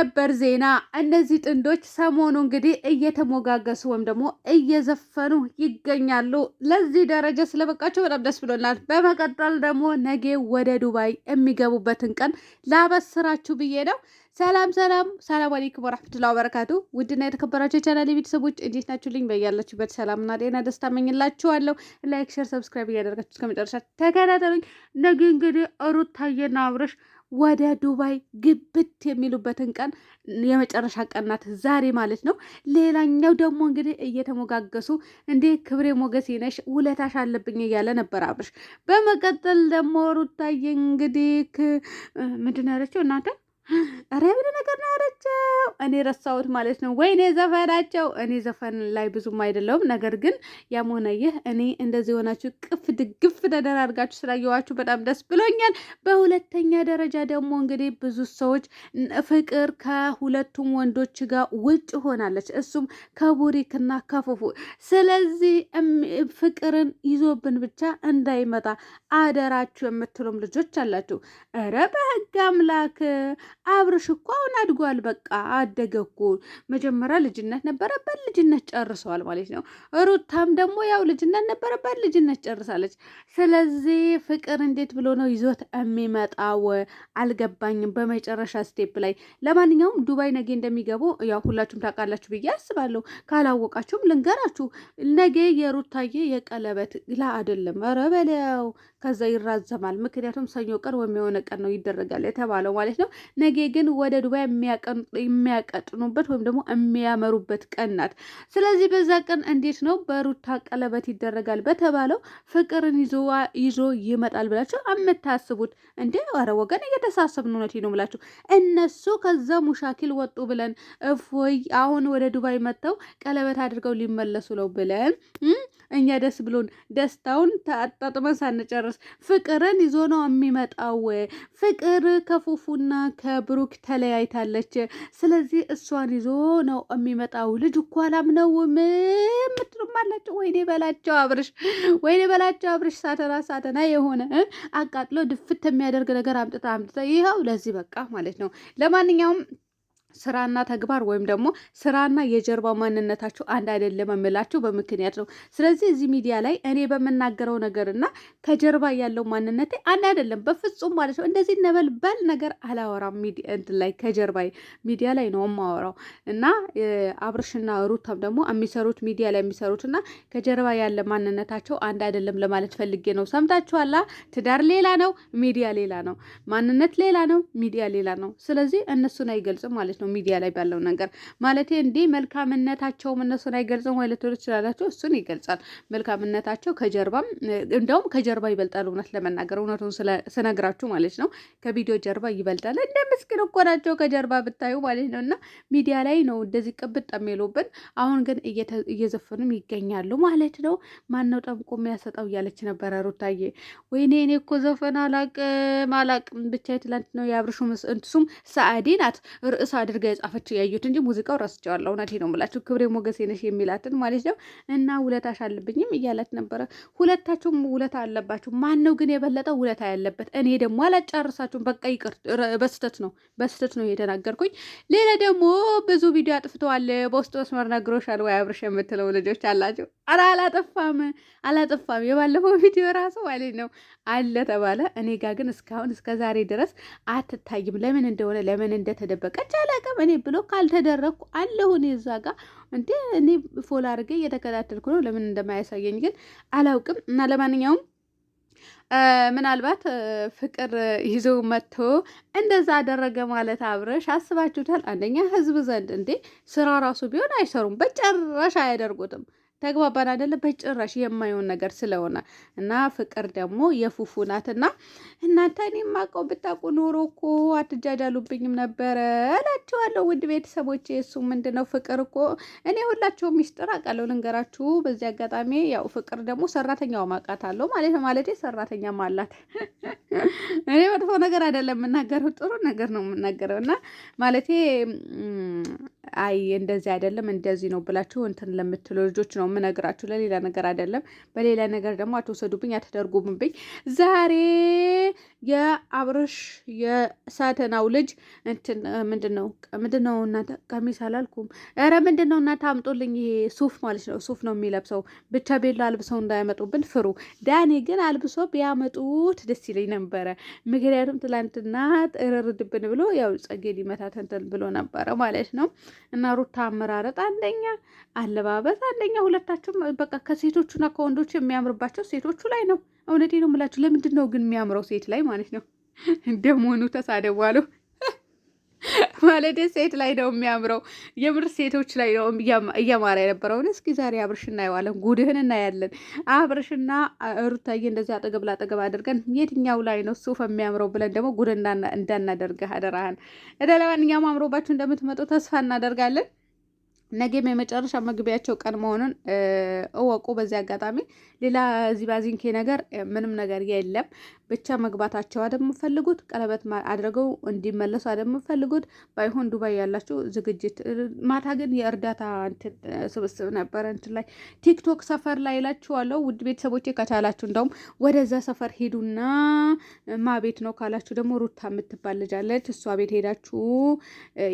ነበር ዜና። እነዚህ ጥንዶች ሰሞኑ እንግዲህ እየተሞጋገሱ ወይም ደግሞ እየዘፈኑ ይገኛሉ። ለዚህ ደረጃ ስለበቃቸው በጣም ደስ ብሎናል። በመቀጠል ደግሞ ነገ ወደ ዱባይ የሚገቡበትን ቀን ላበስራችሁ ብዬ ነው። ሰላም ሰላም፣ ሰላም አለይኩም ወራህመቱላ ወበረካቱ። ውድና የተከበራችሁ የቻናል ቤተሰቦች እንዴት ናችሁ? ልኝ በያላችሁበት ሰላምና ጤና ደስታ መኝላችኋለሁ። ላይክ፣ ሸር፣ ሰብስክራይብ እያደረጋችሁ እስከመጨረሻ ተከታተሉኝ። ነገ እንግዲህ ሩታዬና አብረሽ ወደ ዱባይ ግብት የሚሉበትን ቀን የመጨረሻ ቀናት ዛሬ ማለት ነው። ሌላኛው ደግሞ እንግዲህ እየተሞጋገሱ እንዴ ክብሬ ሞገሴ ነሽ ውለታሽ አለብኝ እያለ ነበር አብርሽ። በመቀጠል ደግሞ ሩታዬ እንግዲህ ምንድን ያለችው እናንተ ኧረ የምን ነገር ነው ያለችው? እኔ ረሳሁት ማለት ነው። ወይኔ ዘፈናቸው እኔ ዘፈን ላይ ብዙም አይደለውም። ነገር ግን ያም ሆነ ይህ እኔ እንደዚህ የሆናችሁ ቅፍ ድግፍ ተደራርጋችሁ ስላየኋችሁ በጣም ደስ ብሎኛል። በሁለተኛ ደረጃ ደግሞ እንግዲህ ብዙ ሰዎች ፍቅር ከሁለቱም ወንዶች ጋር ውጭ ሆናለች፣ እሱም ከቡሪክና ከፉፉ። ስለዚህ ፍቅርን ይዞብን ብቻ እንዳይመጣ አደራችሁ የምትሉም ልጆች አላችሁ። ኧረ በህግ አምላክ አብርሽ እኮ አሁን አድጓል። በቃ አደገ እኮ መጀመሪያ ልጅነት ነበረበት፣ ልጅነት ጨርሰዋል ማለት ነው። ሩታም ደግሞ ያው ልጅነት ነበረበት፣ ልጅነት ጨርሳለች። ስለዚህ ፍቅር እንዴት ብሎ ነው ይዞት የሚመጣው አልገባኝም። በመጨረሻ ስቴፕ ላይ ለማንኛውም ዱባይ ነገ እንደሚገቡ ያው ሁላችሁም ታውቃላችሁ ብዬ አስባለሁ። ካላወቃችሁም ልንገራችሁ፣ ነገ የሩታዬ የቀለበት ላ አይደለም፣ ኧረ በለው ከዛ ይራዘማል። ምክንያቱም ሰኞ ቀን ወይም የሆነ ቀን ነው ይደረጋል የተባለው ማለት ነው ነገ ነገ ግን ወደ ዱባይ የሚያቀጥኑበት ወይም ደግሞ የሚያመሩበት ቀን ናት። ስለዚህ በዛ ቀን እንዴት ነው በሩታ ቀለበት ይደረጋል በተባለው ፍቅርን ይዞ ይመጣል ብላችሁ የምታስቡት እንዴ? ኧረ ወገን እየተሳሰብን እውነቴ ነው ብላችሁ እነሱ ከዛ ሙሻኪል ወጡ ብለን እፎይ አሁን ወደ ዱባይ መጥተው ቀለበት አድርገው ሊመለሱ ነው ብለን እኛ ደስ ብሎን ደስታውን አጣጥመን ሳንጨርስ ፍቅርን ይዞ ነው የሚመጣው። ፍቅር ከፉፉና ከብሩክ ተለያይታለች። ስለዚህ እሷን ይዞ ነው የሚመጣው። ልጅ እኮ አላምነውም የምትሉም ወይኔ በላቸው አብርሽ፣ ወይኔ በላቸው አብርሽ። ሳተና ሳተና የሆነ አቃጥሎ ድፍት የሚያደርግ ነገር አምጥታ አምጥታ ይኸው ለዚህ በቃ ማለት ነው። ለማንኛውም ስራና ተግባር ወይም ደግሞ ስራና የጀርባ ማንነታችሁ አንድ አይደለም የምላችሁ በምክንያት ነው። ስለዚህ እዚህ ሚዲያ ላይ እኔ በምናገረው ነገርና ከጀርባ ያለው ማንነቴ አንድ አይደለም፣ በፍጹም ማለት ነው። እንደዚህ ነበልበል ነገር አላወራም። እንትን ላይ ከጀርባ ሚዲያ ላይ ነው የማወራው እና አብርሽና ሩታም ደግሞ የሚሰሩት ሚዲያ ላይ እና ከጀርባ ያለ ማንነታቸው አንድ አይደለም ለማለት ፈልጌ ነው። ሰምታችኋላ። ትዳር ሌላ ነው፣ ሚዲያ ሌላ ነው። ማንነት ሌላ ነው፣ ሚዲያ ሌላ ነው። ስለዚህ እነሱን አይገልጽም ማለት ነው። ማለት ነው ሚዲያ ላይ ባለው ነገር ማለት እንዲህ መልካምነታቸውም እነሱን አይገልጽም ወይ ልትሉ ትችላላቸው። እሱን ይገልጻል መልካምነታቸው ከጀርባም እንደውም ከጀርባ ይበልጣል። እውነት ለመናገር እውነቱን ስነግራችሁ ማለት ነው ከቪዲዮ ጀርባ ይበልጣል። እንደ ምስኪን እኮ ናቸው ከጀርባ ብታዩ ማለት ነው። እና ሚዲያ ላይ ነው እንደዚህ ቅብጥ የሚሉብን። አሁን ግን እየዘፈኑም ይገኛሉ ማለት ነው። ማነው ጠብቆ የሚያሰጠው እያለች ነበረ ሩታዬ። ወይኔ እኔ እኮ ዘፈን አላቅም አላቅም ብቻ የትላንት ነው የአብርሹ እንትሱም ሰአዲ ናት ርዕሳ አድርጋ የጻፈችው ያዩት እንጂ ሙዚቃው ረስቸዋለሁ። እውነቴ ነው የምላችሁ ክብሬ ሞገሴ ነሽ የሚላትን ማለት ነው። እና ውለታሽ አለብኝም እያለት ነበረ። ሁለታችሁም ውለታ አለባችሁ። ማን ነው ግን የበለጠ ውለታ ያለበት? እኔ ደግሞ አላጫርሳችሁም። በቃ ይቅር፣ በስተት ነው በስተት ነው የተናገርኩኝ። ሌላ ደግሞ ብዙ ቪዲዮ አጥፍተዋል። በውስጥ መስመር ነግሮሻል ወይ አብርሽ የምትለው ልጆች አላቸው። ኧረ አላጠፋም አላጠፋም። የባለፈው ቪዲዮ ራሱ ማለት ነው አለ ተባለ። እኔ ጋ ግን እስካሁን እስከዛሬ ድረስ አትታይም። ለምን እንደሆነ ለምን እንደተደበቀች አላ አለቀም። እኔ ብሎክ አልተደረግኩ አለሁን እዛ ጋ እንዲ እኔ ፎል አድርጌ እየተከታተልኩ ነው። ለምን እንደማያሳየኝ ግን አላውቅም። እና ለማንኛውም ምናልባት ፍቅር ይዘው መጥቶ እንደዛ አደረገ ማለት አብረሽ አስባችሁታል? አንደኛ ህዝብ ዘንድ እንዴ ስራ ራሱ ቢሆን አይሰሩም፣ በጨረሻ አያደርጉትም። ተግባባን አደለ? በጭራሽ የማይሆን ነገር ስለሆነ እና ፍቅር ደግሞ የፉፉ ናትና እናንተ እኔ የማውቀው ብታውቁ ኖሮ እኮ አትጃጃሉብኝም ነበረ እላችኋለሁ። ውድ ቤተሰቦች እሱ ምንድን ነው ፍቅር እኮ እኔ ሁላቸው ሚስጥር አውቃለሁ። ልንገራችሁ በዚህ አጋጣሚ ያው ፍቅር ደግሞ ሰራተኛው ማውቃት አለው ማለት ነው። ሰራተኛ ማላት እኔ መጥፎ ነገር አይደለም የምናገረው፣ ጥሩ ነገር ነው የምናገረው እና ማለቴ አይ እንደዚህ አይደለም እንደዚህ ነው ብላችሁ እንትን ለምትሉ ልጆች ነው የምነግራችሁ፣ ለሌላ ነገር አይደለም። በሌላ ነገር ደግሞ አትወሰዱብኝ፣ አትደርጉምብኝ። ዛሬ የአብርሽ የሳተናው ልጅ እንትን ምንድን ነው ምንድን ነው እናንተ ቀሚስ አላልኩም፣ ኧረ ምንድን ነው እናንተ አምጦልኝ፣ ይሄ ሱፍ ማለት ነው ሱፍ ነው የሚለብሰው። ብቻ ቤላ አልብሰው እንዳያመጡብን ፍሩ። ዳኔ ግን አልብሶ ቢያመጡት ደስ ይለኝ ነበረ። ምክንያቱም ትላንትና እርርድብን ብሎ ያው ጸጌ ሊመታተንትን ብሎ ነበረ ማለት ነው። እና ሩታ አመራረጥ አንደኛ፣ አለባበስ አንደኛ። ሁለታችሁም በቃ ከሴቶቹና ከወንዶቹ የሚያምርባቸው ሴቶቹ ላይ ነው። እውነቴ ነው የምላችሁ። ለምንድን ነው ግን የሚያምረው ሴት ላይ ማለት ነው? ደሞኑ ተሳደቧለሁ ማለት ሴት ላይ ነው የሚያምረው። የምር ሴቶች ላይ ነው እያማረ የነበረውን። እስኪ ዛሬ አብርሽ እናየዋለን፣ ጉድህን እናያለን። አብርሽና ሩታዬ እንደዚህ አጠገብ ላጠገብ አድርገን የትኛው ላይ ነው ሱፍ የሚያምረው ብለን ደግሞ ጉድ እንዳናደርግ አደራህን። ለማንኛውም አምሮባችሁ እንደምትመጡ ተስፋ እናደርጋለን። ነገም የመጨረሻ መግቢያቸው ቀን መሆኑን እወቁ። በዚህ አጋጣሚ ሌላ ዚባዚንኬ ነገር ምንም ነገር የለም። ብቻ መግባታቸው አደምፈልጉት የምፈልጉት? ቀለበት አድርገው እንዲመለሱ አደምፈልጉት ባይሆን ዱባይ ያላችሁ ዝግጅት። ማታ ግን የእርዳታ ስብስብ ነበረ እንትን ላይ ቲክቶክ ሰፈር ላይ እላችኋለሁ። ውድ ቤተሰቦቼ ከቻላችሁ እንደውም ወደዛ ሰፈር ሄዱና ማ ቤት ነው ካላችሁ ደግሞ ሩታ የምትባል ልጅ አለች። እሷ ቤት ሄዳችሁ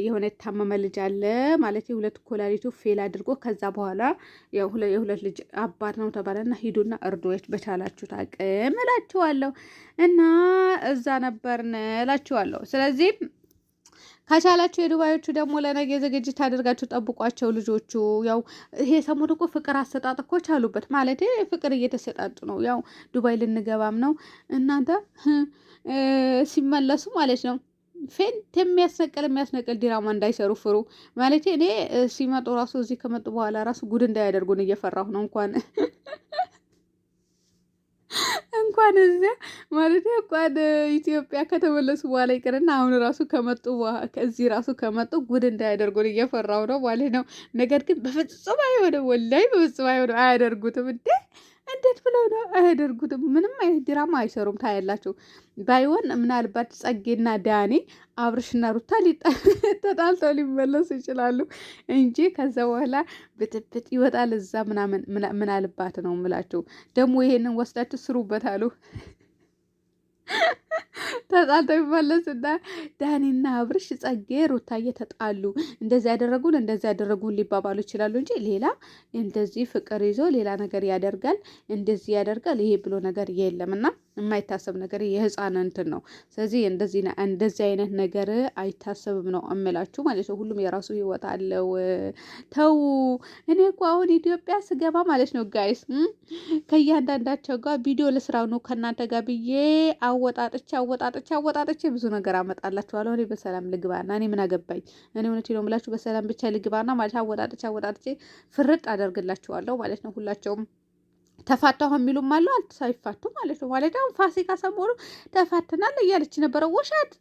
የሆነ የታመመ ልጅ አለ ማለት የሁለት ኮላሊቱ ፌል አድርጎ ከዛ በኋላ የሁለት ልጅ አባት ነው ተባለና ሂዱና እርዶች በቻላችሁ ታቅም እላችኋለሁ። እና እዛ ነበርን እላችኋለሁ። ስለዚህ ከቻላችሁ የዱባዮቹ ደግሞ ለነገ ዝግጅት አድርጋችሁ ጠብቋቸው። ልጆቹ ያው ይሄ ሰሞን እኮ ፍቅር አሰጣጥኮች አሉበት ማለት ፍቅር እየተሰጣጡ ነው። ያው ዱባይ ልንገባም ነው እናንተ ሲመለሱ ማለት ነው። ፌንት የሚያስነቅል የሚያስነቅል ዲራማ እንዳይሰሩ ፍሩ ማለት እኔ ሲመጡ ራሱ እዚህ ከመጡ በኋላ ራሱ ጉድ እንዳያደርጉን እየፈራሁ ነው እንኳን እንኳን እዚያ ማለት እንኳን ኢትዮጵያ ከተመለሱ በኋላ ይቅርና አሁን ራሱ ከመጡ ከዚህ ራሱ ከመጡ ጉድ እንዳያደርጉን እየፈራው ነው ማለት ነው። ነገር ግን በፍጹም አይሆንም፣ ወላይ በፍጹም አይሆንም፣ አያደርጉትም እንዴ እንዴት ብለው ነው አያደርጉትም? ምንም አይነት ድራማ አይሰሩም። ታያላቸው። ባይሆን ምናልባት ጸጌና ዳኔ አብርሽና ሩታ ተጣልተው ሊመለሱ ይችላሉ እንጂ ከዛ በኋላ ብጥብጥ ይወጣል እዛ ምናምን ምናልባት ነው ምላቸው። ደግሞ ይሄንን ወስዳችሁ ስሩበት አሉ። ተጣልተው ይመለስና ዳኒና አብርሽ ጸጌ ሩታዬ ተጣሉ፣ እንደዚህ ያደረጉን እንደዚህ ያደረጉን ሊባባሉ ይችላሉ እንጂ ሌላ እንደዚህ ፍቅር ይዞ ሌላ ነገር ያደርጋል እንደዚህ ያደርጋል ይሄ ብሎ ነገር የለም እና የማይታሰብ ነገር የህፃን እንትን ነው። ስለዚህ እንደዚህ አይነት ነገር አይታሰብም ነው እምላችሁ ማለት ነው። ሁሉም የራሱ ህይወት አለው። ተው እኔ እኮ አሁን ኢትዮጵያ ስገባ ማለት ነው ጋይስ ከእያንዳንዳቸው ጋር ቪዲዮ ልስራ ነው ከእናንተ ጋር ብዬ አወጣጥቼ አወጣጥቼ አወጣጥቼ ብዙ ነገር አመጣላችኋለሁ። እኔ በሰላም ልግባና እኔ ምን አገባኝ? እኔ እውነት ነው የምላችሁ በሰላም ብቻ ልግባና ማለት አወጣጥቼ አወጣጥቼ ፍርጥ አደርግላችኋለሁ ማለት ነው ሁላቸውም ተፋታሁ የሚሉም አሉ። ሳይፋቱ ማለት ነው ማለት አሁን ፋሲካ ሰሞኑ ተፋትናል እያለች ነበረ። ውሸት